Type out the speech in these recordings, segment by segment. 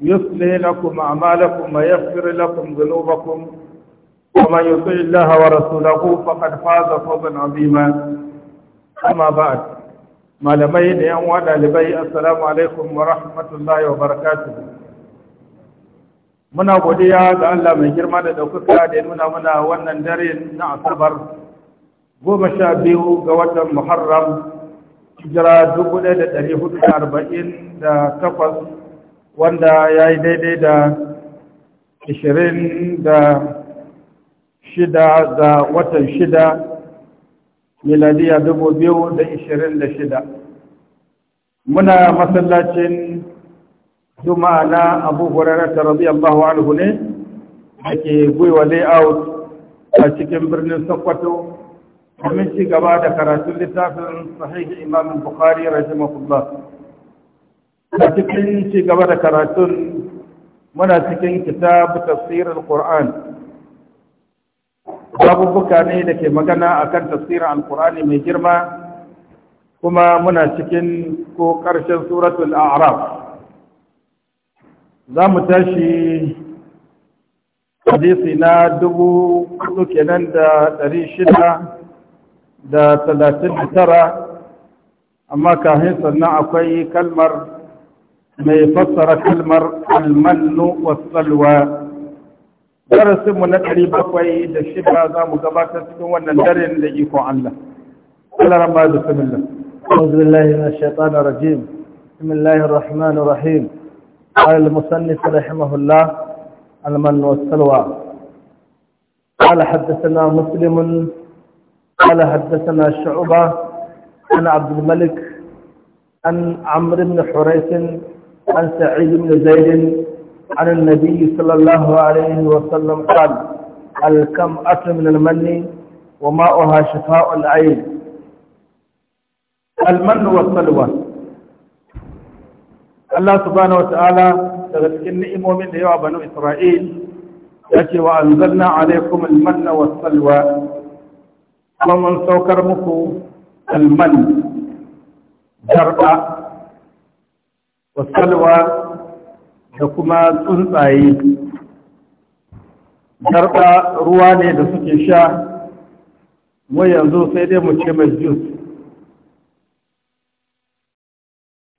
يصلي لكم أعمالكم ويغفر لكم ذنوبكم ومن يطع الله ورسوله فقد فاز فوزا عظيما أما بعد ما لمين ينوى لبي السلام عليكم ورحمة الله وبركاته muna godiya ga Allah mai girma da ɗaukaka da ya nuna mana wannan dare na asabar goma sha biyu ga watan muharram hijira dubu ɗaya da ɗari hudu da arba'in da takwas wanda ya yi daidai da 26 ga watan 6 miladiya shida. muna masallacin juma'a na abu hurarata radiyallahu alhu ne ke gwiwa layout a cikin birnin sokoto domin ci gaba da karatun littafin sahihi imamin bukari rahimahullah a cikin ci gaba da karatun muna cikin kitab tafsirin Qur'an babubuka ne da ke magana akan tafsirin alkur'ani mai girma kuma muna cikin ko ƙarshen suratul a'raf za mu tashi hadisi na dubu kudu kenan da ɗari shida da talatin da tara amma kahin sannan akwai kalmar من فصرة المر المن والسلوى درس من الذي بقي الشبه هذا مكبات تكون الدرين اللي يقو الله قال رب بسم الله أعوذ بالله من الشيطان الرجيم بسم الله الرحمن الرحيم قال المصنف رحمه الله المن والسلوى قال حدثنا مسلم قال حدثنا شعبة عن عبد الملك عن عمرو بن حريث عن سعيد بن زيد عن النبي صلى الله عليه وسلم قال الكمأة من المن وماؤها شفاء العين المن والسلوى الله سبحانه وتعالى تغسكن إمومين ليوع بنو إسرائيل يأتي وأنزلنا عليكم المن والسلوى ومن سوكر مكو المن جرأة wasalwa da kuma tsuntsaye garba ruwa ne da suke sha mu yanzu sai dai mu ce mai jus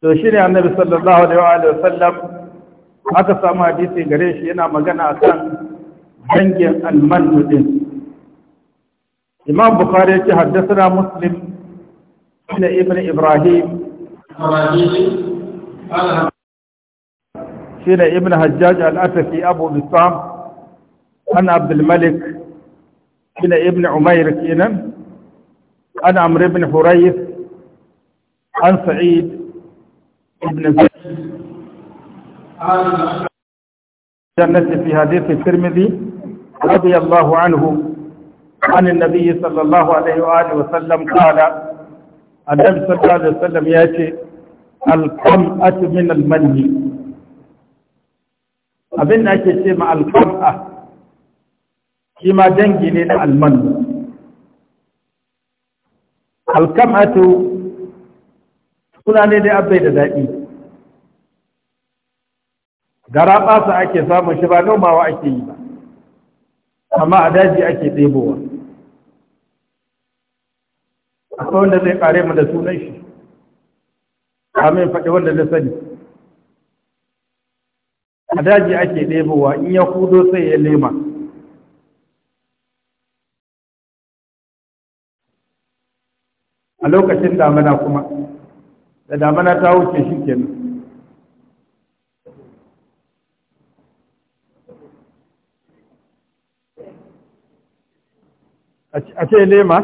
to shi ne annabi sallallahu alaihi wa sallam aka samu hadisi gare shi yana magana akan dangin almanu imam bukhari yake haddasa na muslim ibn ibrahim شنو ابن حجاج الأسفي أبو بسام أنا عبد الملك شين ابن عمير كينا أنا عمرو بن حريث عن سعيد ابن زيد جنة في حديث الترمذي رضي الله عنه عن النبي صلى الله عليه وآله وسلم قال النبي صلى الله عليه وسلم يأتي alkam'atu min al-manni abin da ake ce ma al-qam'a shi ma dangi ne na almanni alkam'atu suna ne dai abai da dadi gara ɓasa ake samun shi ba nomawa ake yi ba amma a daji ake ɗebowa akwai wanda zai kare mu da sunan shi kamin faɗi wanda na sani a daji ake ɗebowa in ya hudo sai ya lema a lokacin damana kuma da damana ta wuce shi kenan a ce lema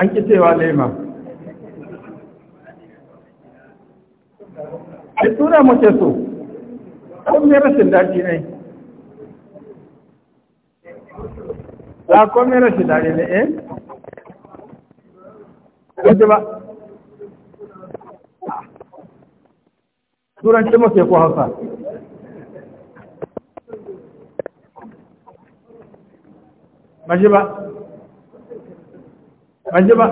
an ƙi cewa lema da suna muke so komai rashin daɗi ne a komai rashin daɗi ne eh kaji ba turanci muke ko hausa maji ba maji ba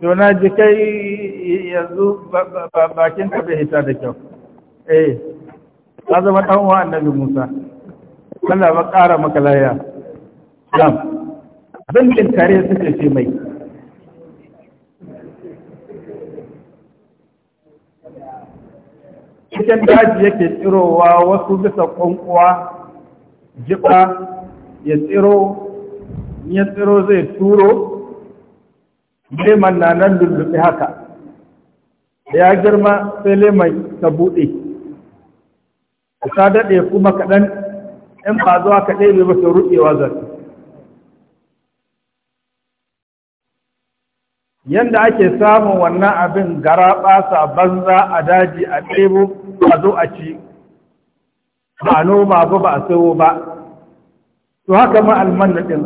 to na ji kai yanzu bakin ka bai hita da kyau eh ka zama dan uwa annabi Musa Allah ba ƙara maka laya yam dangin kare suke ce mai cikin daji yake tsirowa wasu bisa ƙwanƙwa jiɓa ya tsiro ya tsiro zai turo leman na nan lulluɓe haka ya girma sai leman ta buɗe ta daɗe kuma kaɗan 'yan ba zuwa ka ɗebe ba sai ruɗewa zai yanda ake samun wannan abin gara ɓasa banza a daji a ɗebo a zo a ci ba a noma ba ba a sayo ba to haka ma alman na ɗin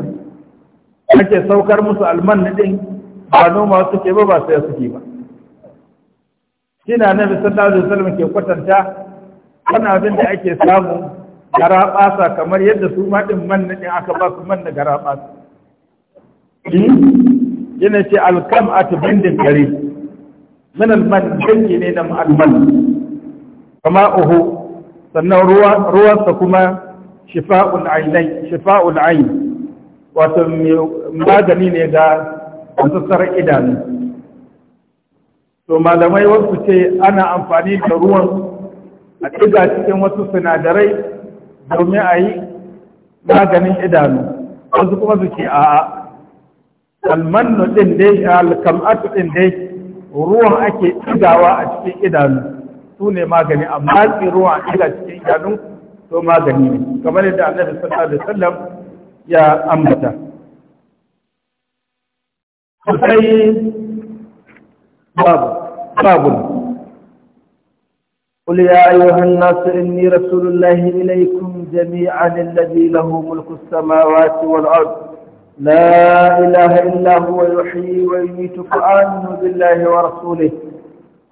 ake saukar musu alman na ɗin ba noma suke ba ba sai suke ba shine annabi sallallahu alaihi wasallam ke kwatanta wani abin da ake samu garaɓasa kamar yadda su ma din man din aka ba su man da garaɓasa yana hmm? ce alkam a bindin gari min alman ne na alman kama uhu sannan ruwa ruwansa kuma shifa'ul ainai shifa'ul ain wato magani ne ga a sassarar idanu to malamai wasu ce ana amfani da ruwan a ɗiga cikin wasu sinadarai domin a yi maganin idanu wasu kuma su ce a almannu ɗin dai alkam'atu ɗin dai ruwan ake ɗigawa a cikin idanu su ne magani amma tsi ruwan ɗiga cikin idanu to magani ne kamar yadda annabi sallallahu alaihi wasallam ya ambata باب باب قل يا أيها الناس إني رسول الله إليكم جميعا الذي له ملك السماوات والأرض لا إله إلا هو يحيي ويميت فآمنوا بالله ورسوله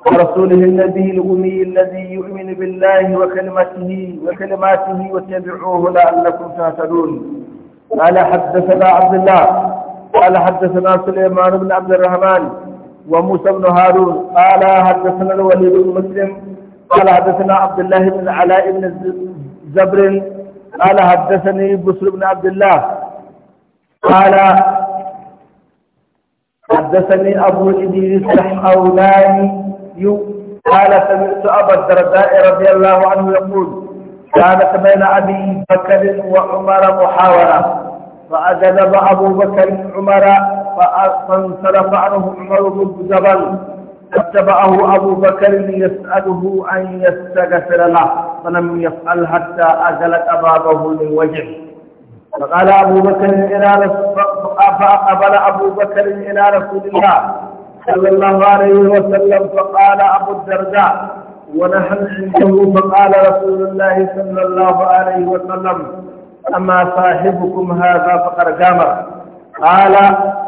ورسوله النبي الأمي الذي يؤمن بالله وكلمته وكلماته واتبعوه لعلكم تهتدون قال حدثنا عبد الله قال حدثنا سليمان بن عبد الرحمن وموسى بن هارون قال حدثنا الوليد بن مسلم قال حدثنا عبد الله بن علاء بن زبر قال حدثني بسر بن عبد الله قال حدثني أبو إدريس الحولاني قال سمعت أبا الدرداء رضي الله عنه يقول كانت بين أبي بكر وعمر محاورة فأجذب أبو بكر عمر فانصرف عنه عمر بن جبل فاتبعه أبو بكر ليسأله أن يستغفر له فلم يفعل حتى أجلت بابه من وجهه فقال أبو بكر إلى فأقبل أبو بكر إلى رسول الله صلى الله عليه وسلم فقال أبو الدرداء ونحن عنده فقال رسول الله صلى الله عليه وسلم أما صاحبكم هذا فقد جامر قال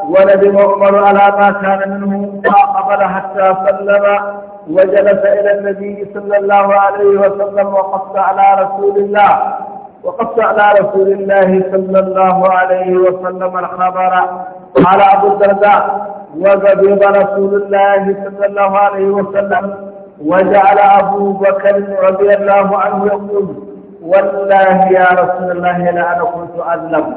ولد مؤمر على ما كان منه فقبل حتى سلم وجلس إلى النبي صلى الله عليه وسلم وقص على رسول الله وقص على رسول الله صلى الله عليه وسلم الخبر قال أبو الدرداء وقبض رسول الله صلى الله عليه وسلم وجعل أبو بكر رضي الله عنه يقول والله يا رسول الله لا أنا كنت أظلم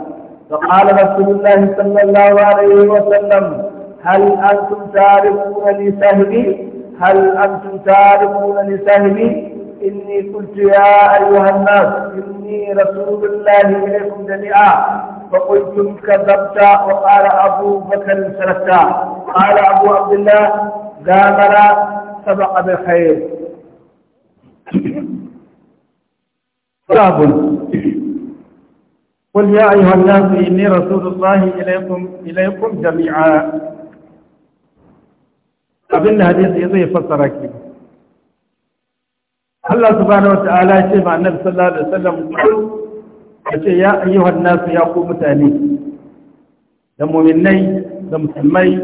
فقال رسول الله صلى الله عليه وسلم هل أنتم تعرفون لسهمي هل أنتم تعرفون لسهمي إني قلت يا أيها الناس إني رسول الله إليكم جميعا فقلتم كذبت وقال أبو بكر سلكت قال أبو عبد الله غامر سبق بالخير باب قل يا أيها الناس إني رسول الله إليكم إليكم جميعا abin da hadisi zai fassara ki Allah subhanahu wa ta'ala ya ce ma annabi sallallahu alaihi wasallam ya ce ya ayyuhan nasu ya ku mutane da mu'minai da musulmai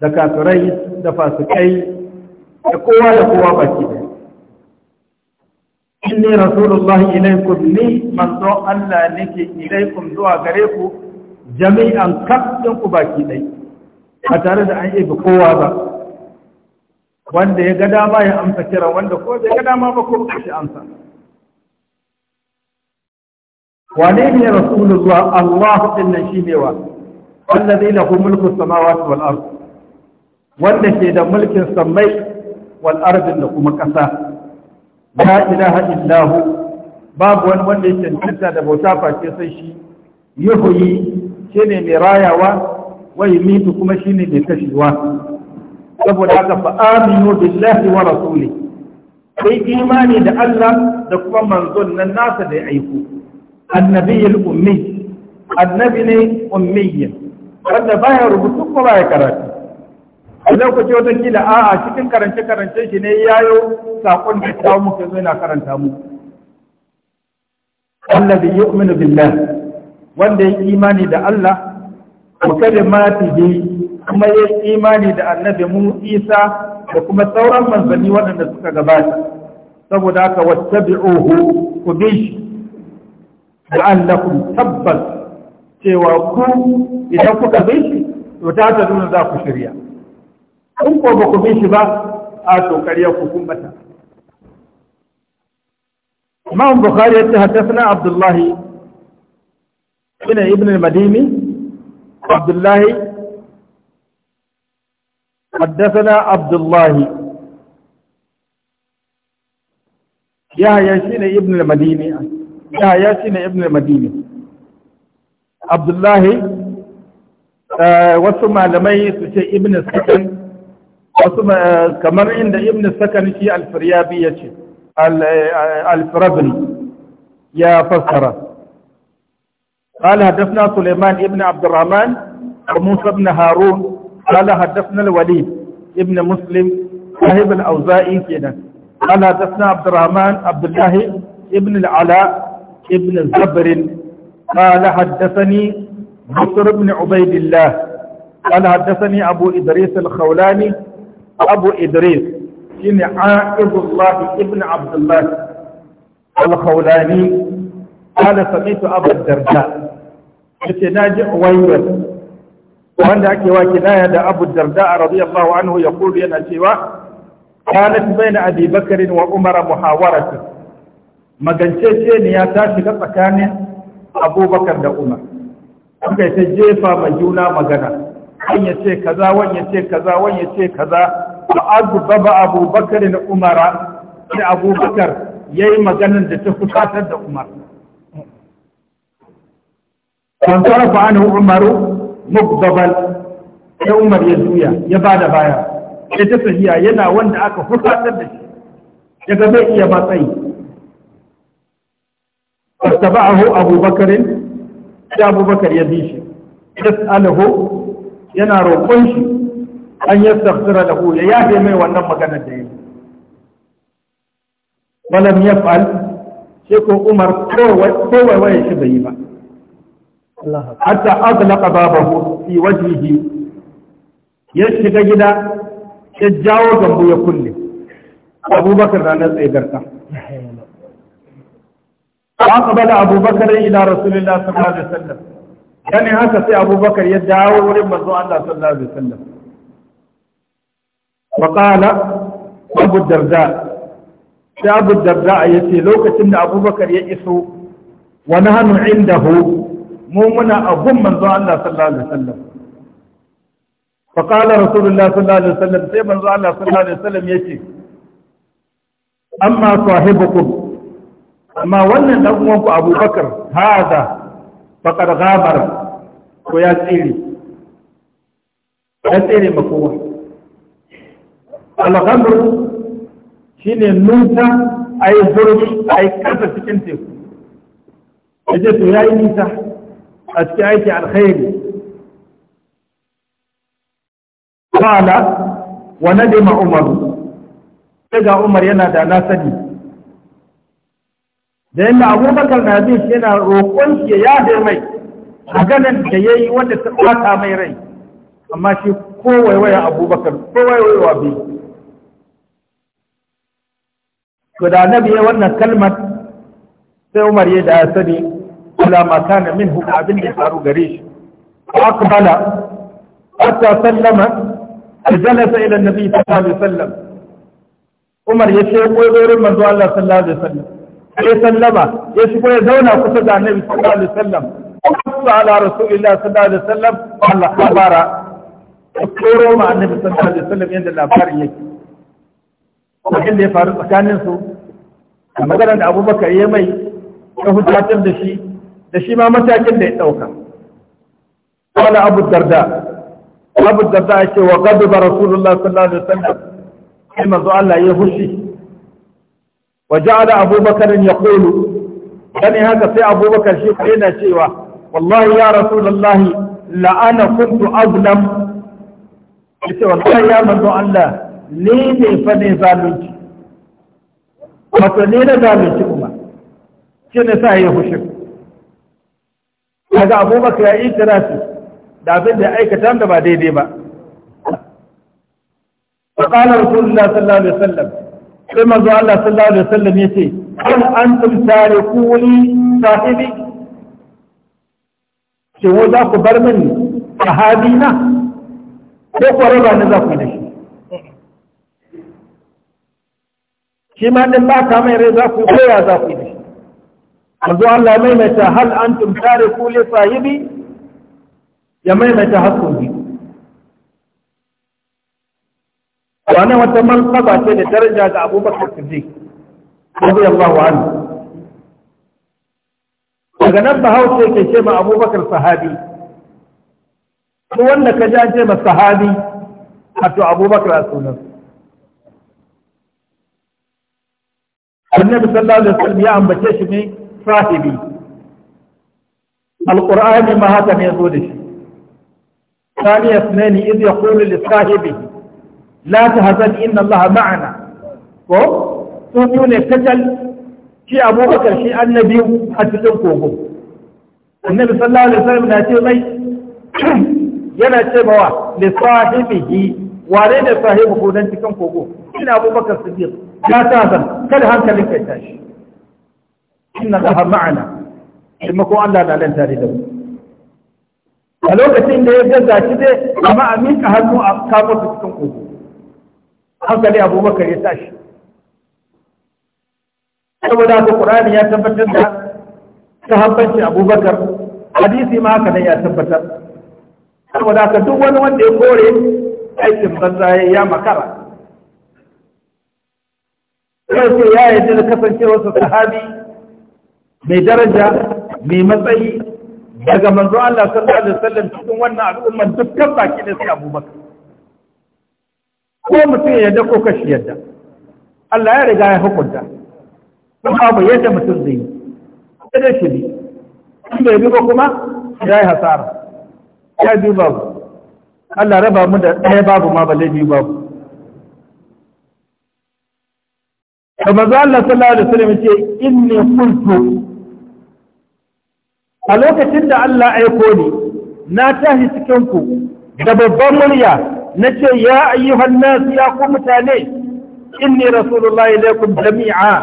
da kafirai da fasikai da kowa da kowa baki da inni rasulullahi ilaikum ni manzo Allah nake ilaikum zuwa gare ku jami'an kafin ku baki dai A tare da an yi kowa ba wanda ya ga dama ya amsa kira wanda ko ya ga dama ba ko ba shi amsa wane ne rasulullah Allah din nan shi ne wa allazi lahu mulku samawati wal ard wanda ke da mulkin samai wal ard da kuma kasa la ilaha illahu babu wani wanda ya cancanta da bauta face sai shi yahuyi shine mai rayawa wa mitu kuma shine mai kashewa saboda haka fa aminu billahi wa rasuli sai imani da Allah da kuma manzon nan nasa da ya aiko annabiyul ummi annabi ne ummi wanda baya rubutu ko baya karatu a lokaci a a'a cikin karance-karance shi ne yayo saƙon da kawo muka zo yana karanta mu yi yu'minu billah wanda ya imani da Allah wa kalimatihi kuma ya imani da annabi mu Isa da kuma sauran manzanni waɗanda suka gabata saboda haka wattabi'uhu ku bi shi la'allakum tabbas cewa ku idan kuka bi shi to ta ta za ku shirya in ko ba ku bi shi ba a to ƙarya ku kun imam bukhari yace haddathana abdullah ibn ibn madini abdullah حدثنا عبد الله يحيى شين Ibn المديني يحيى شين ابن Ibn عبد الله wasu malamai su ce ibn sakan wasu kamar inda ibn sakan shi alfiryabi ya ce alfirabin ya fassara قال حدثنا سليمان ابن عبد الرحمن وموسى بن هارون قال حدثنا الوليد ابن مسلم صاحب الأوزائي كده قال حدثنا عبد الرحمن عبد الله ابن العلاء ابن زبر قال حدثني بكر بن عبيد الله قال حدثني أبو إدريس الخولاني abu idris shine aibullah ibn abdullah al-khawlani qala sami'tu abu darda yace naji uwayyar wanda ake wa kinaya da abu darda radiyallahu anhu yaqulu yana cewa kanat bayna abi bakr wa umar muhawaratu magancece ne ya tashi ga tsakanin abubakar da umar aka ta jefa ma juna magana wani ya ce kaza wani ya ce kaza wani ya ce kaza fa azbaba Abu Bakar da Umar sai Abu Bakar yayi maganar da ta fusatar da Umar kan fa anhu Umar mukdabal sai Umar ya juya ya bada baya sai ta sahiya yana wanda aka fusatar da shi daga bai iya matsayi fattaba'ahu Abu Bakar sai Abu Bakar ya bi shi yas'aluhu yana roƙon shi an yi tafsira da ya yafe mai wannan magana da yi balam ya fal sai ko umar kowai waye shi bai yi ba hatta azlaqa babahu fi wajhihi ya shiga gida ya jawo gambo ya kulle abubakar ranar tsaye garta ba kabala abubakar yi ila rasulullah sallallahu alaihi wasallam yani haka sai abubakar ya dawo wurin manzo Allah sallallahu alaihi wasallam faƙala abu darda sai abu darda ya ce lokacin da abubakar ya iso wani hannu inda hu mu muna abun manzo Allah sallallahu alaihi wasallam faƙala rasulullah sallallahu alaihi wasallam sai manzo Allah sallallahu alaihi wasallam ya ce amma sahibukum amma wannan dan uwanku abubakar hada faqad ghabara ko ya tsire ya tsire makowa alhamdu shi ne nunta a yi zurfi a yi cikin teku ya to ya yi nisa a cikin aiki alkhairi kala wa nadima umar sai ga umar yana da nasani da yadda abubakar na bin shi yana roƙon shi ya yaɗe mai ganin da ya yi wanda ta ɓata mai rai amma shi waya abubakar kowaiwaya wa biyu to da annabi ya wannan kalmar sai Umar ya da sani kula ma kana minhu abin da faru gare shi aqbala hatta sallama aljalasa ila annabi sallallahu alaihi wasallam Umar ya ce ko gurin manzo Allah sallallahu alaihi wasallam sai sallama ya shigo ya zauna kusa da annabi sallallahu alaihi wasallam kuma ala rasulillahi sallallahu alaihi wasallam Allah kabara ko roma annabi sallallahu alaihi wasallam yanda labarin yake abin da ya faru tsakanin su da maganar da abubakar ya mai ya hujjatar da shi da shi ma matakin da ya ɗauka wala abu darda abu darda ya ce wa gadaba rasulullah sallallahu alaihi wasallam sai manzo Allah ya hushi wa ja'ala abubakar ya yaqulu dan haka sai abubakar shi ko yana cewa wallahi ya rasulullah la ana kuntu azlam yace wallahi ya manzo Allah ne ne fa ne zalunci wato ne na zalunci kuma shi ne sa yi hushin daga abubakar ya yi tirafi da abin da ya aikata da ba daidai ba faƙalar rasulullah sallallahu alaihi wasallam sai manzo Allah sallallahu alaihi wasallam ya ce an antum tarikuni sahibi shi za ku bar min sahabi na ko ku raba ne za ku yi da shi ma din ba ta mai rai za ku koya za ku yi yanzu Allah maimaita hal antum ku li sahibi ya maimaita hakkun bi wannan wata manzaba ce da daraja ga Abubakar Siddiq radiyallahu anhu daga nan Hausa ke ce ma Abubakar sahabi ko wanda ka ji an ce ma sahabi wato Abubakar a sunansa annabi sallallahu alaihi wasallam ya ambace shi ne sahibi alqur'ani ma haka ne zo da shi ثاني اثنين إذ يقول لصاحبه لا تهزن إن الله معنا وقومون كتل شيء أبو بكر شيء النبي حتى تنكوه النبي صلى الله عليه na ce مي yana cewa lissahibihi wane ne sahibu ko dan cikin kogo ina abubakar siddiq ya ta zan kada hankalin kai tashi inna laha ma'ana taimakon Allah da nan tare da mu a lokacin da ya gaza shi dai amma a mika hannu a kama su cikin kogo hankali abubakar ya tashi saboda haka qurani ya tabbatar da sahabbanci abubakar hadisi ma haka nan ya tabbatar saboda haka duk wani wanda ya kore aikin banza ya makara ya sai ya yarda da su sahabi mai daraja mai matsayi daga manzo Allah sallallahu alaihi wasallam cikin wannan al'umma dukkan baki da sai Abubakar ko mutum ya yarda ko kashi yadda Allah ya riga ya hukunta kuma abu yadda mutum zai yi da shi bi in bai bi ba kuma ya yi hasara ya bi babu Allah raba mu da ɗaya babu ma balle biyu babu da manzo Allah sallallahu alaihi wasallam inni qultu a lokacin da Allah aiko ni na tashi cikin ku da babban murya nace ya ayyuhan nas ya ku mutane inni rasulullahi ilaikum jami'a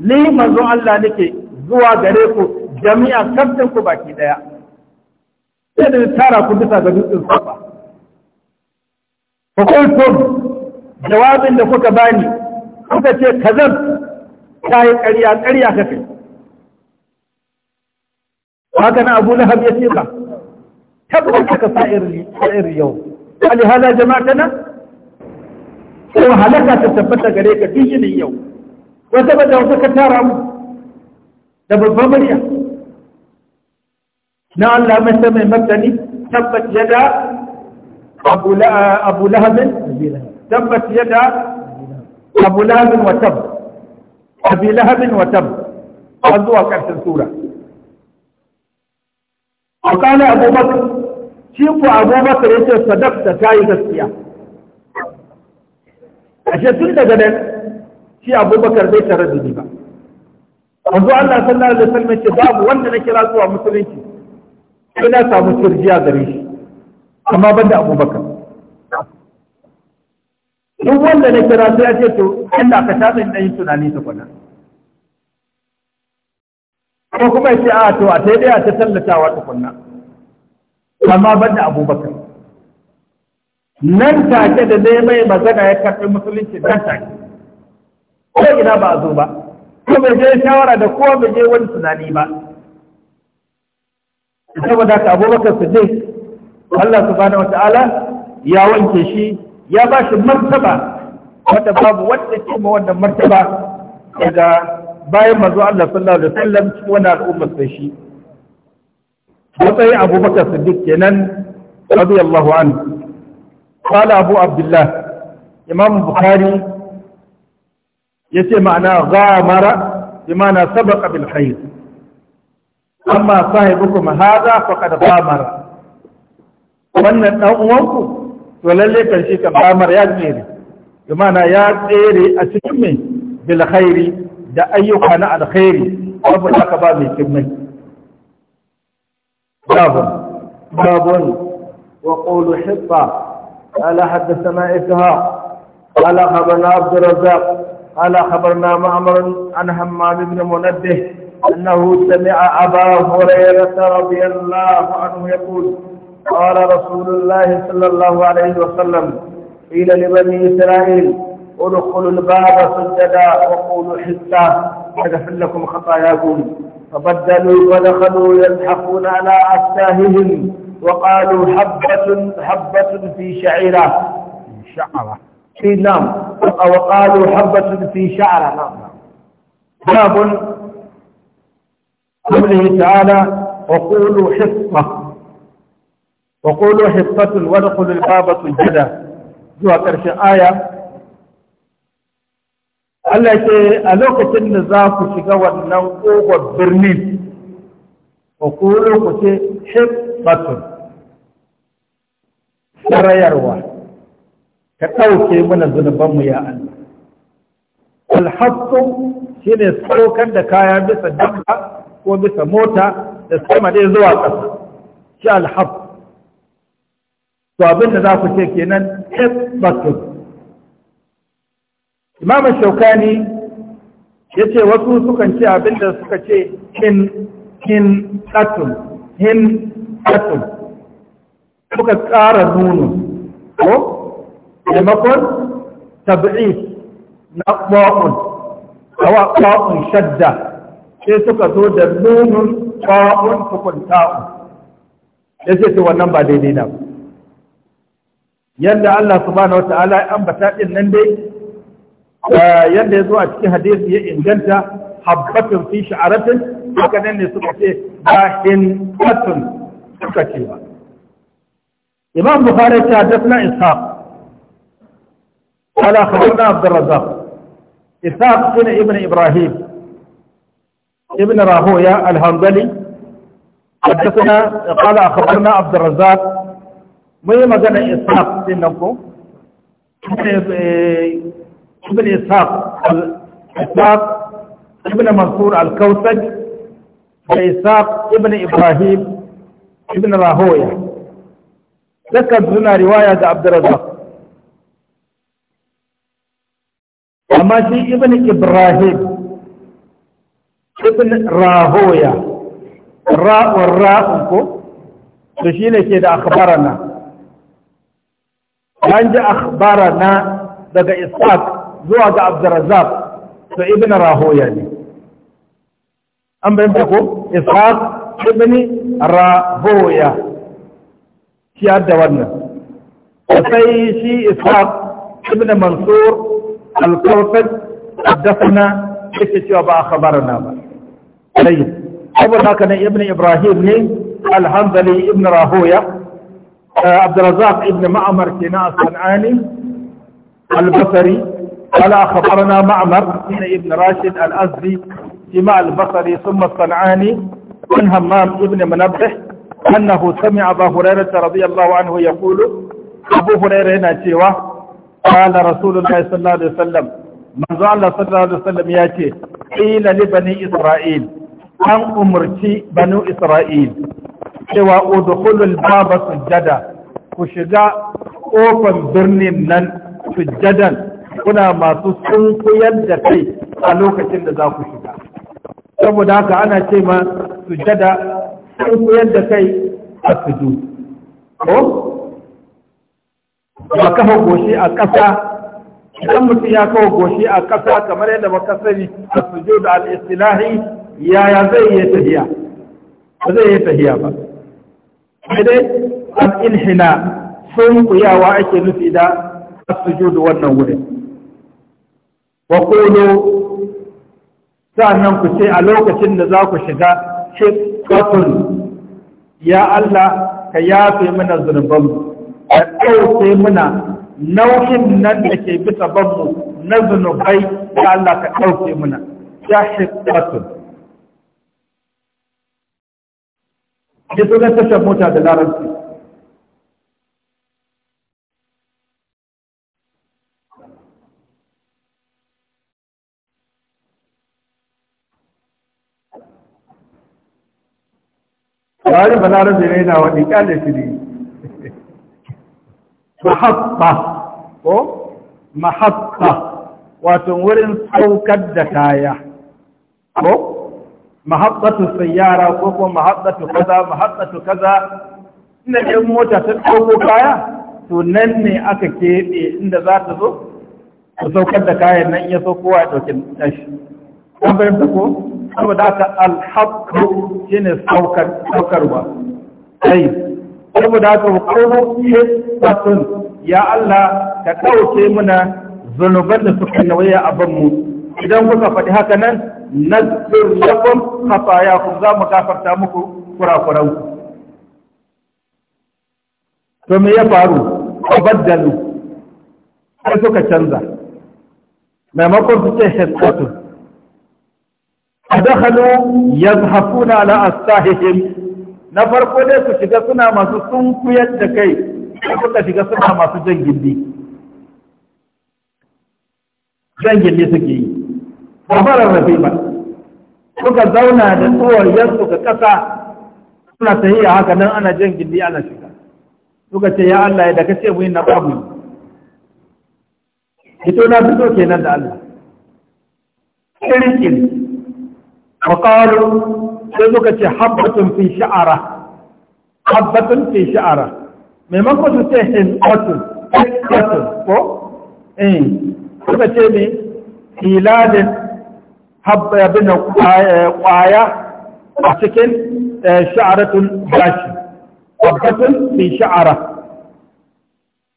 ni manzo Allah nake zuwa gare ku jami'a kaftin ku baki ɗaya sai da tara ku bisa ga dutsen safa fa kuntum jawabin da kuka bani suka ce kazan ta yi ƙarya ƙarya ka kai haka na abu lahab ya ce ka tabbas ka sa'ir yau alhala jama'a nan ko halaka ta tabbata gare ka duk yinin yau wata bata wata ka tara mu da babban murya na Allah mai mai martani tabbat yada abu lahabin tabbat yada abu lahabin watab abu lahabin watab har zuwa ƙarshen sura a kala abubakar shi ku abubakar ya ce da ta yi gaskiya a tun daga nan shi abubakar bai tare da ba wanzu Allah sallallahu alaihi wasallam ce babu wanda na kira zuwa musulunci sai na samu turjiya gare shi amma ban da abubakar duk wanda na kira sai a ce to Allah ka tafi dan yi tunani tukuna ko kuma ya ce a to a sai ɗaya a ta tallatawa tukunna amma ban da Abubakar nan take da dai mai magana ya karɓi musulunci nan take ko ina ba a zo ba ko bai je shawara da ko bai je wani tunani ba saboda ka abubakar su je Allah subhanahu wa ta'ala ya wanke shi ya ba shi martaba wadda babu wanda ke ma wannan martaba daga bayan manzo Allah sallallahu alaihi wasallam cikin wannan al'umma sai shi matsayin Abubakar Siddiq kenan radiyallahu anhu qala Abu Abdullah Imam Bukhari yace ma'ana ghamara bi ma'ana sabaqa bil khair amma sahibukum hadha faqad ghamara wannan dan uwanku to lalle karshe ka bamar ya tsere bimana ya tsere a cikin mai bil khairi da ayyuka na alkhairi babu haka ba mai kimmai babun babun wa qawlu hitta قال حدثنا إسحاق قال خبرنا عبد الرزاق قال خبرنا معمر عن همام بن منبه أنه سمع أبا هريرة رضي الله عنه يقول قال رسول الله صلى الله عليه وسلم قيل لبني إسرائيل ادخلوا الباب سجدا وقولوا حتى حدث لكم خطاياكم فبدلوا ودخلوا يلحقون على أفتاههم وقالوا حبة حبة في شعيرة شعرة في إيه، نعم وقالوا حبة في شعرة نعم باب قوله تعالى وقولوا حصة wa qulu hifatul wa dkhulul baba jada, zuwa ƙarshen aya Allah ce a lokacin da za ku shiga wannan ƙofar birnin wa qulu ku ce hifatul sarayarwa ka ɗauke mana zunubanmu ya Allah alhatsu shi shine saukar da kaya bisa dabba ko bisa mota da sama dai zuwa ƙasa shi alhatsu to abin da za ku ce kenan ibbatun imam shaukani ya ce wasu sukan ce abin da suka ce hin in katun in katun suka ƙara nuno ko taimakon tabi'i na ƙwa'un kawa ƙwa'un shadda sai suka zo da nunun ƙwa'un tukun ta'un ya ce wannan ba daidai na ba yadda Allah subhanahu wata'ala ya ambata din nan dai yadda ya zo a cikin hadisi ya inganta habbatun fi sha'aratin haka nan ne suka ce ba in katun suka ce ba imam bukhari ta hadathna ishaq qala khabarna abd al-razzaq ishaq ibn ibn ibrahim ibn rahoya al-hanbali حدثنا قال اخبرنا عبد الرزاق mun yi magana isaf din nan ko ibn eh, isaf isaf ibn mansur al-kautsaj da isaf ibn ibrahim ibn rahoya dukkan suna riwaya ga abdurrazzaq amma shi ibn ibrahim ibn rahoya ra'un ra'un ko shi ne ke da akhbarana وانجا اخبارنا دقى اسحاق زواج عبد الرزاق فابن راهو يعني ام بنتكو اسحاق ابن راهو يا سياد دوانا وسيشي اسحاق ابن منصور القوفد حدثنا كيف تشوف اخبارنا طيب ابو ذاك ابن ابراهيم الحمد لله ابن راهويا abdurazak ibn ma'amar kenan sanani al-basri قال أخبرنا معمر بن ابن راشد الأزدي جماع البصري ثم الصنعاني عن همام ابن منبه أنه سمع أبا هريرة رضي الله عنه يقول أبو هريرة هنا cewa قال رسول الله صلى الله عليه وسلم من زال الله صلى الله عليه وسلم ياتي قيل لبني إسرائيل أن أمرتي بنو إسرائيل cewa udkhulul baba sujjada ku shiga kofar birnin nan sujjadan kuna masu sunkuyar da kai a lokacin da za ku shiga saboda haka ana ce ma sujjada sunkuyar da kai a suju ko ba kafa goshi a ƙasa idan mutum ya kawo goshi a ƙasa kamar yadda ka sani a sujud da istilahi yaya zai yi tahiya ba zai yi tahiya ba sai dai al sun kuyawa ake nufi da asujudu wannan wurin wa qulu sa'annan ku ce a lokacin da za ku shiga shiqqatun ya Allah ka yafe mana zunubanmu ka ɗauke mana nauyin nan da ke bisa banmu na zunubai ya Allah ka ɗauke mana ya shiqqatun da sunan tashar mota da larabci tsarin banarar da yana wani kyale shi ne mahabba ko mahabba wato wurin saukar da kaya ko mahabbatu sayyara ko ko mahabbatu kaza mahabbatu kaza inda 'yan mota ta ɗauko kaya to nan ne aka keɓe inda za ta zo ta saukar da kayan nan ya sauko ya ɗauki tashi an fahimta ko saboda haka alhaqqu shine saukar saukarwa ai saboda haka qulu hisbatun ya Allah ka ɗauke muna zunuban da suka nawaya a banmu idan kuka faɗi haka nan nazir lakum khatayakum za mu gafarta muku kurakuran to me ya faru tabaddalu sai suka canza maimakon su ce hesatu adakhalu yazhafuna ala astahihim na farko dai su shiga suna masu sunkuyar da kai suka shiga suna masu jan gindi jan gindi suke yi kafarar rafiba suka zauna da tsuwar yansu ga ƙasa suna tahiya haka nan ana jan gindi ana shiga suka ce ya Allah ya da kace mu na babu fito na fito kenan da Allah Kirkin, kiri wa qalu sai suka ce habbatun fi sha'ara habbatun fi sha'ara maimakon su ce hinqatun hinqatun ko eh suka ce ne filadin abin eh, kwaya a cikin eh, sha'aratun gashi tabbatun fi sha'ara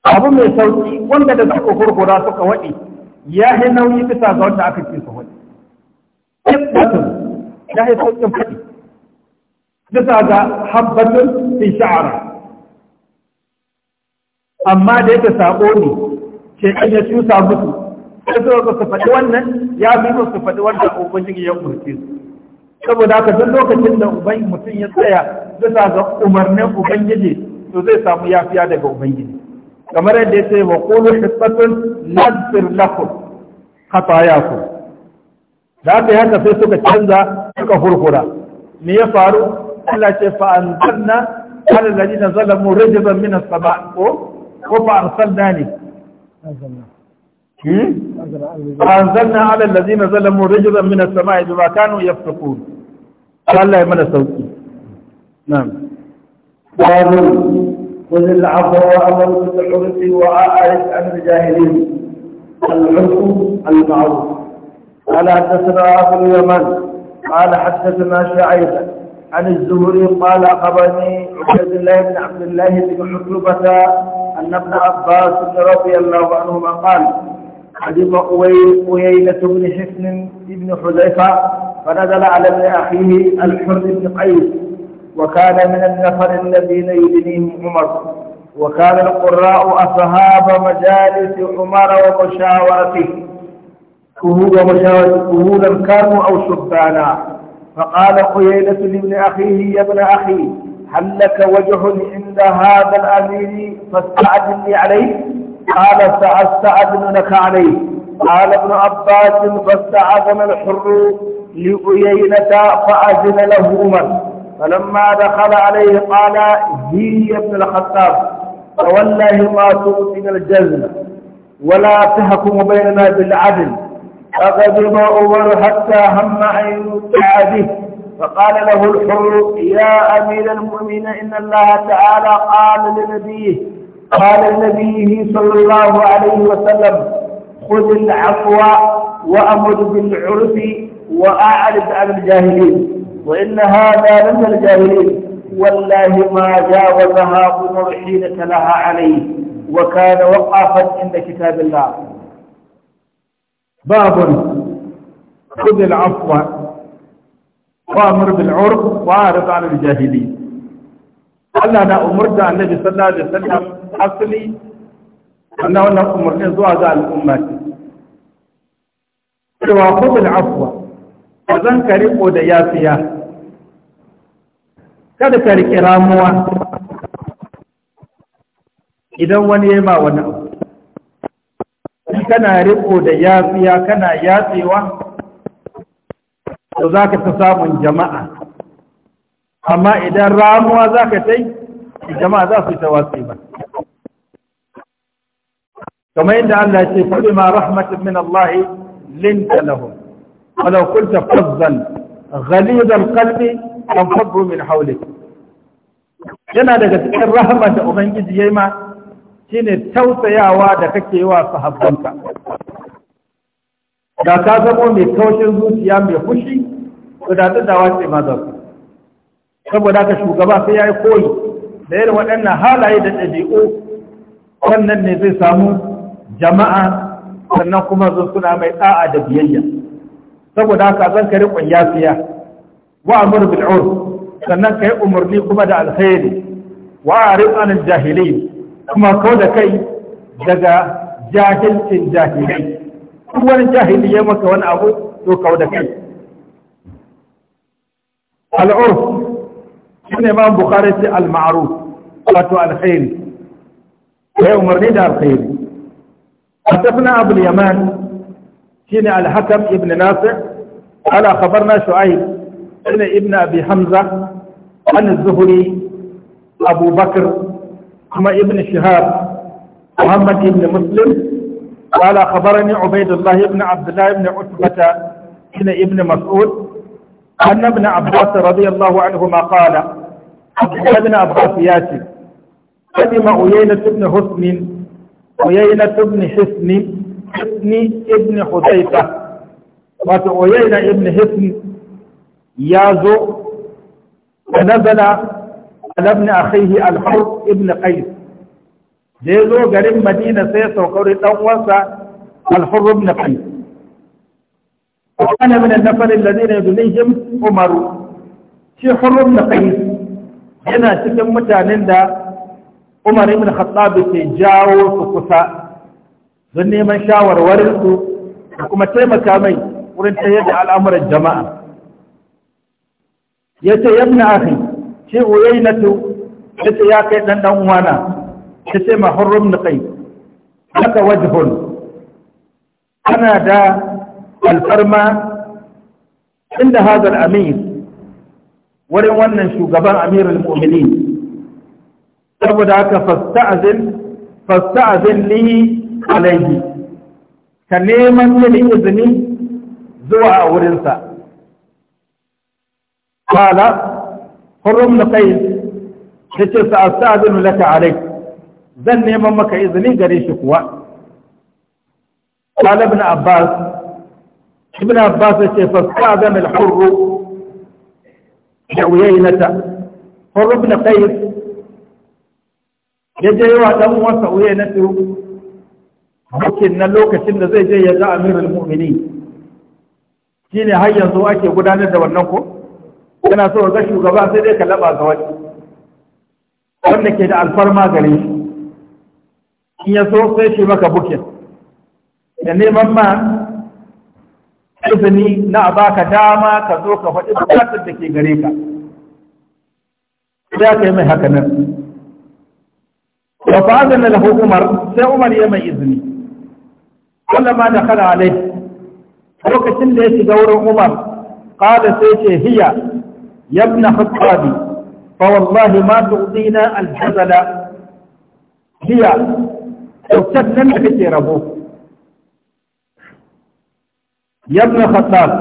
abu mai sauki wanda da suka kurkura suka waɗi ya yi nauyi bisa ga wanda aka ce su waɗi ya yi sauƙin faɗi bisa ga habbatun fi sha'ara amma da yake saɓo ne ce an ya cusa musu sai su ga su faɗi wannan ya fi su faɗi wanda ubangiji ya umarce su saboda haka duk lokacin da uban mutum ya tsaya bisa ga umarnin ubangiji to zai samu yafiya daga ubangiji kamar yadda ya ce wa qulu hisbatun nadfir lakum khatayakum da aka yi haka sai suka canza suka hurhura me ya faru Allah ce fa anzalna ala alladhina zalamu rijzan min as-sama' ko fa arsalna ne فأنزلنا على الذين ظلموا رجلا من السماء بما كانوا قال الله من السوكي نعم قالوا خذ العفو وأمر بالعرف وأعرف عن الجاهلين العفو المعروف قال حدثنا أبو اليمن قال حدثنا شعيبا عن الزهري قال أخبرني عبد الله بن عبد الله بن حكربة أن ابن عباس رضي الله عنهما قال حديث أويلة بن حسن بن حذيفة فنزل على ابن أخيه الحر بن قيس وكان من النفر الذين يدنيهم عمر وكان القراء أصحاب مجالس عمر ومشاورته كهولا كانوا أو شبانا فقال قييلة لابن أخيه يا ابن أخي هل لك وجه عند هذا الأمير فاستعجل لي عليه قال فاستعذنك عليه قال ابن عباس فاستعذن الحر لأيينة فأذن له عمر فلما دخل عليه قال هي ابن الخطاب فوالله ما تؤتينا الجزم ولا تحكم بيننا بالعدل فقدم عمر حتى هم ان يطاع به فقال له الحر يا امير المؤمنين ان الله تعالى قال لنبيه قال النبي صلى الله عليه وسلم خذ العفو وأمر بالعرف وأعرض عن الجاهلين وإن هذا لمن الجاهلين والله ما جاوزها عمر حين تلاها عليه وكان وقافا عند كتاب الله باب خذ العفو وامر بالعرف واعرض عن الجاهلين لنا امرنا النبي صلى الله عليه وسلم asali wannan wannan umarnin zuwa ga al'umma ce cewa kudin afuwa ba zan ka riko da yafiya kada ka riƙe ramuwa idan wani ya ma wani abu kana riko da yafiya kana yatsewa to za ka ta samun jama'a amma idan ramuwa za ka tai jama'a za su ta watsi ba kamar inda Allah ya ce fa ma rahmatin min Allah linta lahum walau kunta fazzan ghalid alqalbi an yana daga cikin rahama da ubangiji yayi ma shine tausayawa da kake yi wa sahabbanka da ka zamo mai kaushin zuciya mai fushi to da daddawa ce ma saboda ka shugaba sai ya yi koyi da irin waɗannan halaye da ɗabi'u wannan ne zai samu jama'a sannan kuma zo suna mai da'a da biyayya saboda haka zan ka riƙon yafiya wa amr bil urf sannan kai umarni kuma da alkhairi wa arif al jahilin kuma ko da kai daga jahilcin jahilai wani jahili ya maka wani abu to ka da kai al urf shine imam bukhari ce al-ma'ruf wato alkhairi kai umarni da alkhairi حدثنا أبو اليمان كين الحكم ابن نافع قال خبرنا شعيب ان ابن أبي حمزة عن الزهري أبو بكر ثم ابن شهاب محمد بن مسلم قال خبرني عبيد الله بن عبد الله بن عتبة بن ابن مسعود أن ابن عباس رضي الله عنهما قال ابن عباس ياتي قدم عيينه بن حسن uyayna ibn hisni hisni ibn hudayfa wato uyayna ibn hisni ya zo da nazala ala ibn akhihi al-harb ibn qais da ya zo garin madina sai ya saukari dan uwansa al-harb ibn qais وكان من النفر الذين يدليهم عمر شيخ حر بن قيس yana cikin mutanen da umar ibn khattab ke jawo su kusa don neman shawarwarin su da kuma taimaka mai wurin ta da al'amuran jama'a yace yabna akhi shi uyainatu yace ya kai dan dan uwana yace mahrum kai. laka wajhun kana da alfarma inda hadal amir wurin wannan shugaban amirul mu'minin saboda haka fasta'azin fasta'azin li alaihi ka neman mini izini zuwa a wurinsa kala hurum na kai ta ce sa'asta'azin laka alai zan neman maka izini gare shi kuwa kala ibn abbas ibn abbas ya ce fasta'azin al-hurru da uyainata hurum na kai ya je yawa dan wasa uye na tiru bukin na lokacin da zai je ya ga amirul mu'mini shine har yanzu ake gudanar da wannan ko yana so ga shugaba sai dai ka laba ga wani wanda ke da alfarma gare in ya so sai shi maka bukin da neman ma izini na a baka dama ka zo ka faɗi bukatar da ke gare ka. Za ka mai haka nan. وفاذن له عمر سأمر يمي إذني كلما دخل عليه فوق سنديس دور عمر قال سيشي هي يا ابن خطابي فوالله ما تغضينا الحزل هي اوتتنا كتير يا ابن خطاب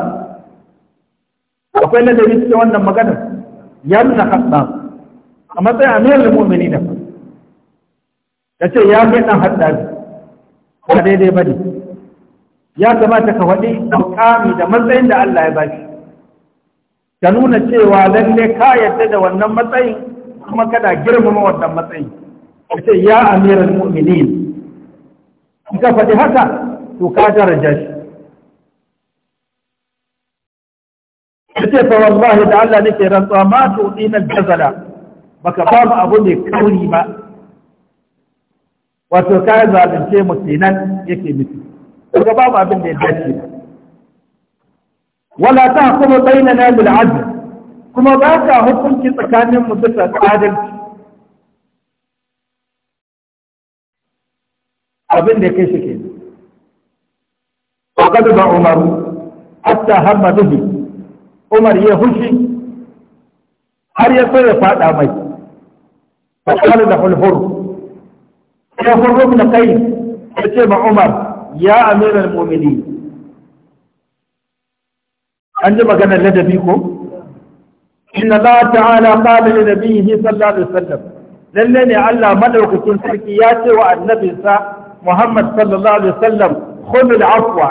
وفي الذي يستوى أن مقدر يبن خطاب أما تعمل المؤمنين فيه. ka ce ya kai ɗan haddari ba daidai ba ne ya kamata ka waɗi ɗaukami da matsayin da Allah ya ba shi ka nuna cewa lalle ka yarda da wannan matsayin kuma kada girmama wannan matsayin ka ce ya amiral mu'minin in ka faɗi haka to ka daraja shi ka ce fa wallahi da Allah nake rantsuwa ma to dinar jazala baka ba mu abu ne kauri ba wato ka zalunce mu kenan yake miki daga babu abin da ya dace wala ta kuma na bil adl kuma ba ka hukunci tsakanin mu bisa adalci abin da kai shi ke ba umar hatta hamma dubi, Umar ya hushi har ya so ya fada mai fa qala da al sai hurruf na kai ya ce ma umar ya amiral mu'mini an ji maganar ladabi ko inna allah ta'ala qala li nabiyhi sallallahu alaihi wasallam lalle ne allah madaukakin sarki ya ce wa annabinsa muhammad sallallahu alaihi wasallam khudh al-afwa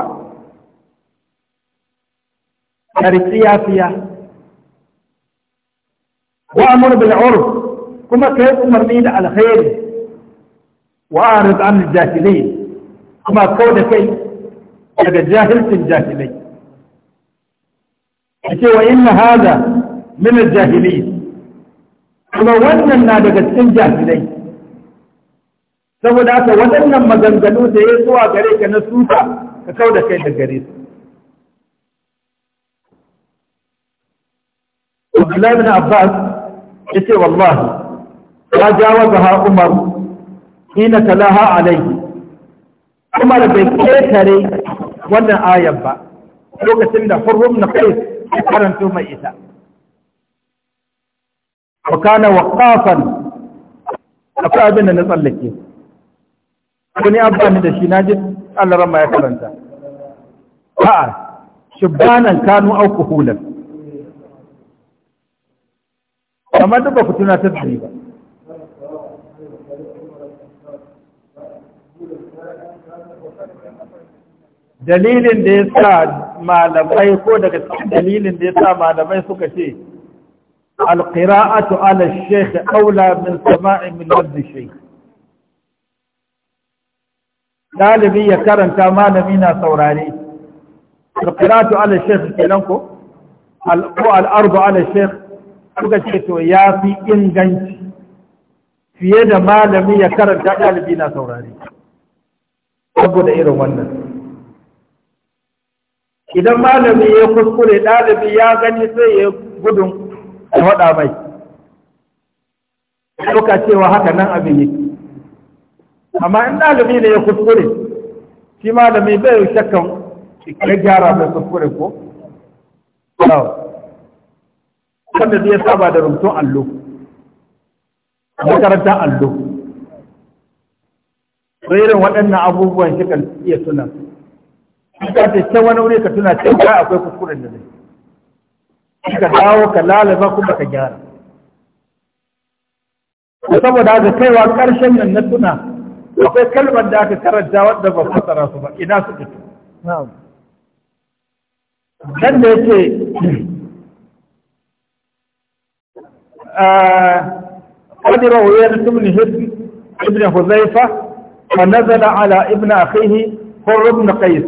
karci yafiya wa amur bil urf kuma kai umarni da alkhairi وأعرض عن الجاهلين أما كونك هذا جاهل في الجاهلين حتي وإن هذا من الجاهلين أما وزننا لقد إن جاهلين سوى ذاك وزننا مزنزلو سيسوى غريك نسوطا كونك إن غريك وقال ابن عباس حتي والله ما جاوبها أمر hina talaha alaihi Umar bai ketare wannan ayan ba lokacin da hurrum na kai ya karanto mai ita wa kana waqafan akwai abin da na tsallake wani abani da shi na Allah rama ya karanta Ba'a shubanan kanu aukuhulan kamar duk ba ku tuna da ba dalilin da ya sa malamai ko daga cikin dalilin da ya sa malamai suka ce alƙira'atu ala sheikh aula min sama'i min wadda sheikh ɗalibi ya karanta malami na saurare alƙira'atu ala sheikh kenan ko ko al'ardu ala sheikh suka ce to ya fi inganci fiye da malami ya karanta ɗalibi na saurari saboda irin wannan idan malami ya kuskure ɗalibi ya gani sai ya gudun ya waɗa mai ɗauka cewa haka nan abu yake amma in ɗalibi ne ya kuskure shi malami bai shakkan ya gyara mai kuskure ko wanda zai saba da rumtun allo makarantar allo rairin waɗannan abubuwan shi kan iya sunan in ka ce can wani wuri ka tuna can ka akwai kuskuren da zai ka dawo ka lalaba kuma ka gyara saboda haka kaiwa ƙarshen nan na tuna akwai kalmar da aka karanta wadda ba fassara su ba ina su fito dan da yake قد رويت ابن ابن حذيفة فنزل على ابن أخيه حر بن قيس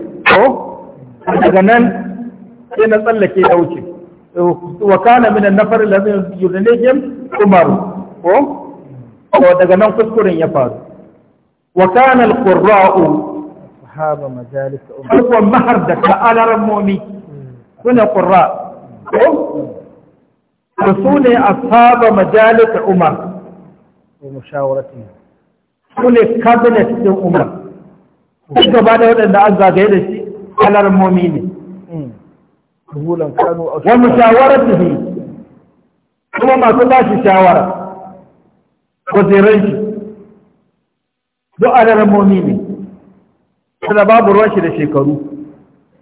daga nan sai na tsallake ya wuce wa kana min an-nafar alladhi yudnihim umar ko daga nan kuskuren ya faru wa kana al-qurra'u sahaba majalis umar ko mahar da ta'alar mu'min kuna qurra ko rasule ashaba majalis umar wa mushawaratihi sune cabinet din umar duk gaba da waɗanda an zagaye da shi alarmomi ne hmm. wa mushawaratihi kuma masu ba shi shawara wazirai shi duk alarmomi ne suna babu ruwan shi da shekaru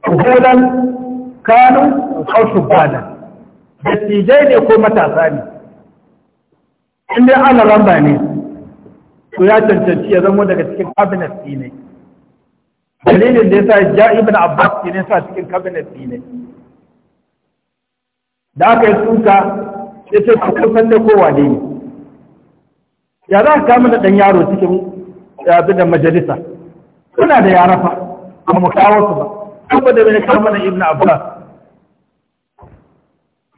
kuhulan kanu bada. shubana dattijai ne ko matasa ne inda lamba ne to ya cancanci ya zama daga cikin cabinet ne dalilin da ya sa ja ibn abbas ne sa cikin cabinet ne da aka yi tuka ya ce ba kusan da kowa ne ya za ka mana dan yaro cikin yabi da majalisa kuna da yara fa ba mu kawo su ba kuma da bai kawo mana ibn abbas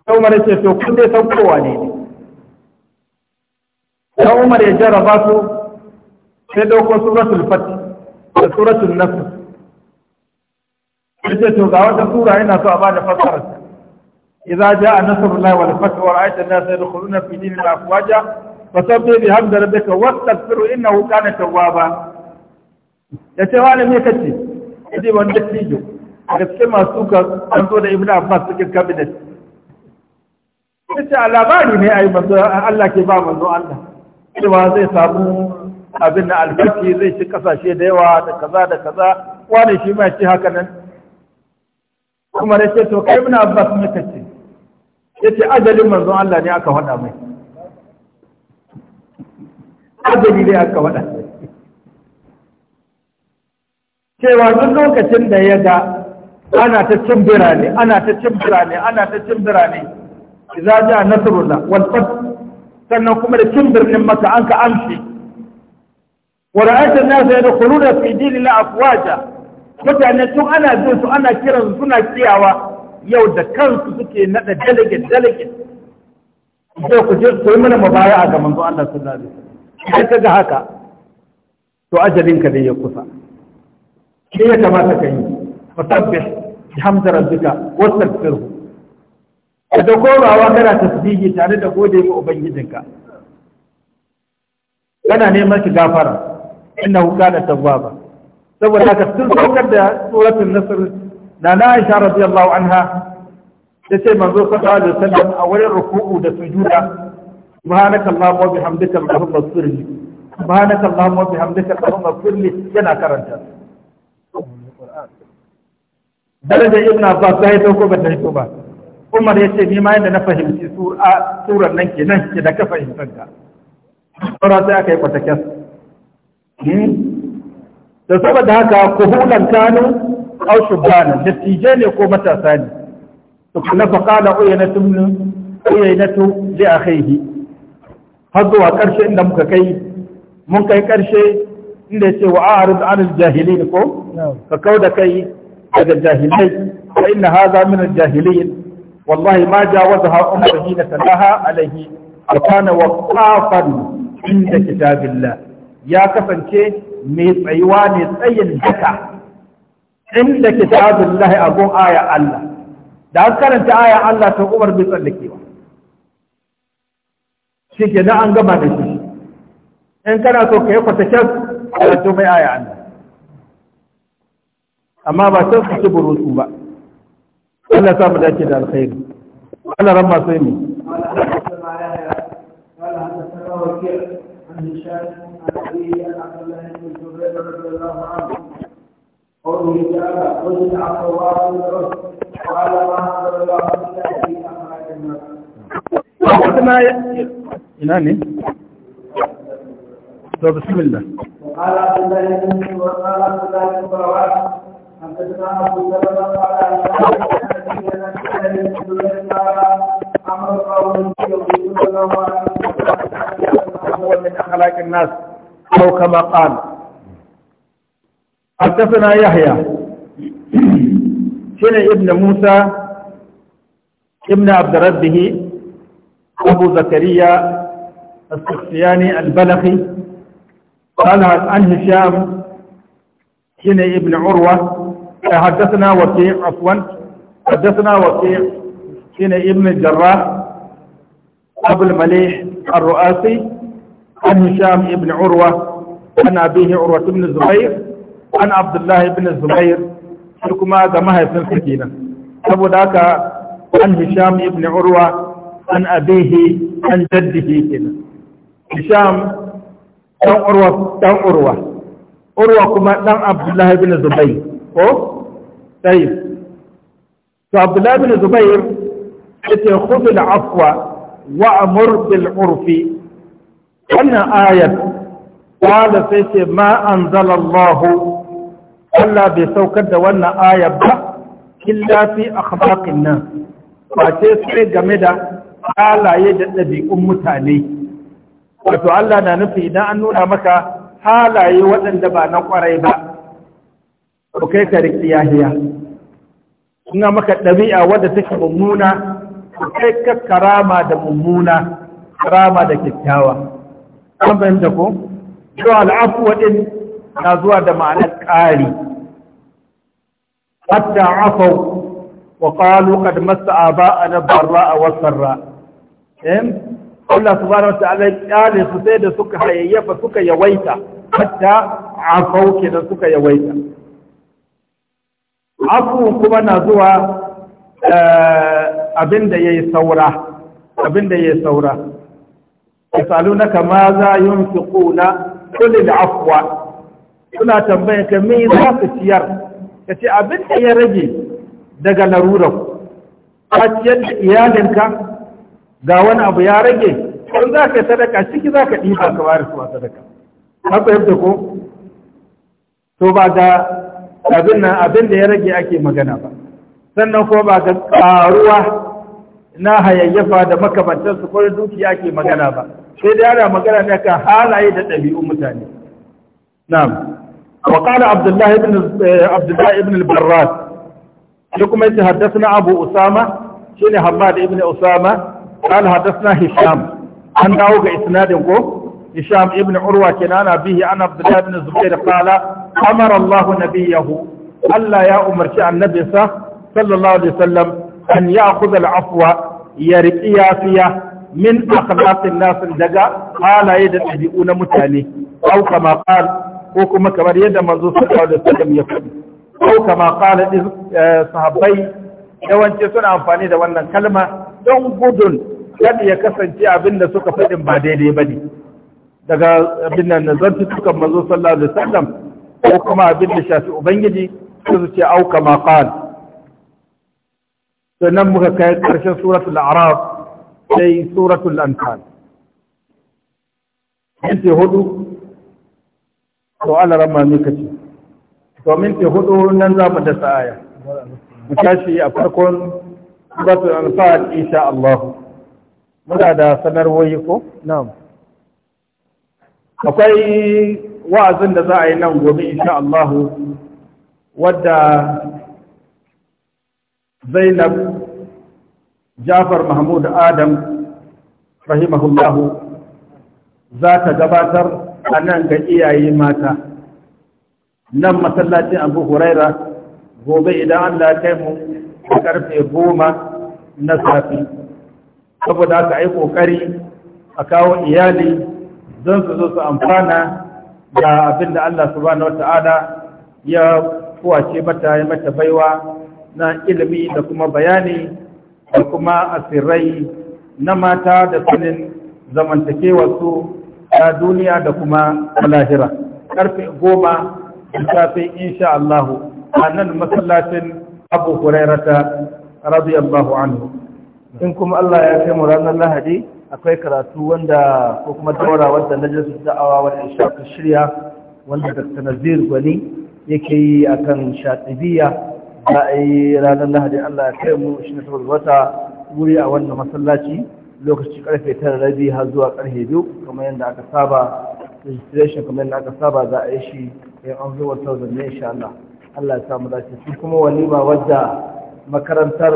sai umar ce to kun dai san kowa ne ne sai umar ya jarraba su sai dauko suratul Fati da suratul nasr yace to ga wata sura ina so a bada fassara idza jaa nasrullahi wal fath wa ra'aita an-nasa yadkhuluna fi dinil afwaja fasabbih bihamdi rabbika wastaghfiru innahu kana tawwaba yace me kace yace wanda tijo gaske masu ka an da ibnu abbas cikin cabinet yace labari ne ai manzo Allah ke ba manzo Allah cewa zai samu abin da alfaki zai ci kasashe da yawa da kaza da kaza wani shi ma ce haka nan Kuma da ce to kai ibn Abbas ne kace yace ajalin manzon Allah ne aka faɗa mai ajali ne aka faɗa cewa duk lokacin da ya ga ana ta cin birane ana ta cin birane ana ta cin birane idza ja nasrullah wal fath sannan kuma da cin birnin maka an ka amshi wa ra'ayta an-nasa yadkhuluna fi dinillahi afwaja mutane tun ana bin su ana kiran suna kiyawa yau da kansu suke nada delegate delegate sai ku je ku yi mana mubaya ga manzo Allah sallallahu alaihi wasallam idan kaga haka to ajalin ka dai ya kusa shi ya kamata ka yi fasabbih bihamdi rabbika wastaghfirhu da komawa kana tasbihi tare da gode wa ubangijinka kana neman shi gafara innahu kana tawwaba saboda haka sun saukar da suratul nasr na na aisha radiyallahu anha ta ce manzo sallallahu alaihi wasallam a wurin ruku'u da sujuda subhanaka allahumma wa bihamdika allahumma sirri subhanaka allahumma wa bihamdika allahumma sirri yana karanta darajar ibn abbas ta hito ko ba ta hito ba umar ya ce ni ma yadda na fahimci suran nan ke nan ke da ka fahimtar ta saura sai aka yi kwatakas hmm? da saboda haka kuhulan kanu aw shubana dattijai ne ko matasa ne to kana fa qala uyaynatu min uyaynatu li akhihi har zuwa karshe inda muka kai mun kai karshe inda yace wa a'rid 'anil jahilin ko ka kauda kai daga jahilai fa inna hadha min al-jahilin wallahi ma jawazaha umruhu hina talaha alayhi wa kana waqafan inda kitabillah ya kasance mai tsayuwa ne tsayin daka inda kitabun lahi abun aya Allah da an karanta aya Allah ta umar bai tsallakewa shi ke an gama da shi in kana so ka yi kwatakyan karatu mai aya Allah amma ba sai su ci burutu ba Allah ya samu dace da alkhairi Allah ramma sai mu أبيه عبد الله بن الزبير رضي الله عنه قوله تعالى خذ عبد الله من الرشد قال ما عبد الله إلا في أخراج الناس ما ينامي طب بسم الله وقال عبد الله بن وقال عبد الله بن برواد حدثنا ابو سلمه بن سليمان امر قوم عبد الله هو من اخلاق الناس أو كما قال حدثنا يحيى شنع ابن موسى ابن عبد ربه أبو زكريا السخسياني البلخي قال عن هشام شنع ابن عروة حدثنا وكيع عفوا حدثنا وكيع شنع ابن الجراح أبو المليح الرؤاسي عن هشام بن عروة عن أبيه عروة بن الزبير عن عبد الله بن الزبير كما جمعها يسن سكينة أبو ذاك عن هشام بن عروة عن أبيه عن جده كنا هشام دان عروة دان عروة عروة كما دان عبد الله بن الزبير أو طيب فعبد الله بن الزبير يقول خذ العفو وأمر بالعرف wannan ayar wala sai ce ma anzalallahu Allah bai saukar da wannan ayar ba illa fi akhlaqin nan ba ce sai game da halaye da ɗabi'un mutane wato Allah na nufi idan an nuna maka halaye waɗanda ba na ƙwarai ba ko kai ka riƙi yahiya suna maka ɗabi'a wadda take mummuna ko kai ka karama da mummuna karama da kyakkyawa an fahimta ko to al'afu waɗin na zuwa da ma'anar ƙari hatta afau wa ƙalu qad massa a barra'a wa sarra em Allah subhanahu wa ta'ala kyale su sai da suka hayayyafa suka yawaita hatta afau da suka yawaita afu kuma na zuwa eh, ya yi saura abinda yayi saura yasalunaka ma za yunfiquna qul al-afwa suna tambayan ka me za ka ciyar kace abin da ya rage daga larurar ka ciyar da iyalinka ga wani abu ya rage kun za ka sadaka ciki za ka diba ka bari su a sadaka haka yadda ko to ba ga abin nan abin da ya rage ake magana ba sannan ko ba ga ƙaruwa na hayayyafa da makamantarsu ko dukiya ake magana ba sai da yana magana ne kan halaye da ɗabi'un mutane na'am wa qala abdullah ibn eh, abdullah ibn al-barras shi kuma yace haddathana abu usama shine hammad ibn usama qala haddathana hisham an dawo ga isnadin ko hisham ibn urwa kenan bihi an abdullah ibn zubair qala amara allah nabiyahu Allah ya umarci annabinsa sallallahu alaihi wasallam an ya'khudha al-afwa ya riqiya fiya min akhlaqin nasin daga halaye da ɗabi'u na mutane aw kama qal ko kuma kamar yadda manzo sallallahu alaihi wasallam ya faɗi aw kama qala eh, sahabbai yawanci suna amfani da wannan kalma don gudun kada ya kasance abinda suka faɗin ba daidai ba ne daga abin nan nazarci suka manzo sallallahu alaihi wasallam ko kuma abin da shafi ubangiji su ce aw kama qal sannan muka kai karshen suratul a'raf sai suratul anfal minti hudu to Allah rama muka ce to minti hudu nan za mu dasa aya mu tashi a farkon suratul anfal insha Allah muna da sanarwoyi ko na'am akwai wa'azin da za a yi nan gobe insha Allah wadda Zainab jafar mahmud adam rahimahullahu za ta gabatar a nan ga iyaye mata nan masallacin abu huraira gobe idan allah kai mu a karfe goma na safi saboda aka yi kokari a kawo iyali don su zo su amfana da abin da allah subhanahu wata'ala ya kowace mata ya mata baiwa na ilimi da kuma bayani da kuma asirai na mata da sanin zamantakewarsu ta duniya da kuma lahira karfe goma safe insha Allah a nan masallacin abu hurairata radiyallahu anhu in kuma Allah ya kai mu ranar lahadi akwai karatu wanda ko kuma daura wanda na jinsu da'awa ya insha shirya wanda Dr. Nazir Gwani yake yi akan shatibiya za a yi ranar lahadi allah ya kai mu shi na takwas wata wuri a wannan masallaci lokaci karfe tara rabi har zuwa karfe biyu kamar yadda aka saba registration kamar yadda aka saba za a yi shi yan an zuwa tausar ne insha allah allah ya samu dace shi kuma walima wadda makarantar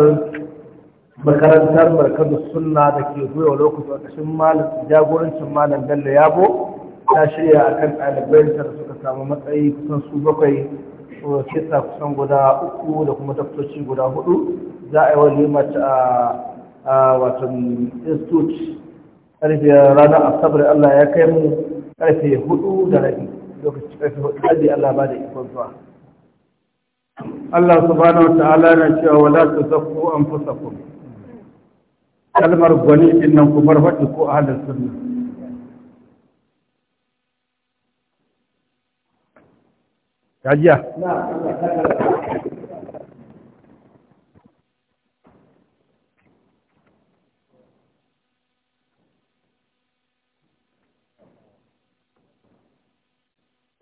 makarantar barkatu sunna da ke zuwa lokacin ƙarshen jagorancin malam bello yabo ta shirya a kan ɗalibai da suka samu matsayi kusan su bakwai kitsa kusan guda uku da kuma daftoci guda hudu za a yi wani mace a watan institute karfe ranar asabar allah ya kai mu karfe hudu da rabi lokaci karfe hudu da allah ba da ikon zuwa allah bane wata ala na cewa wala su zafu an fusa kuma kalmar gwani din nan kuma faɗi ko ahalar sunna kajiya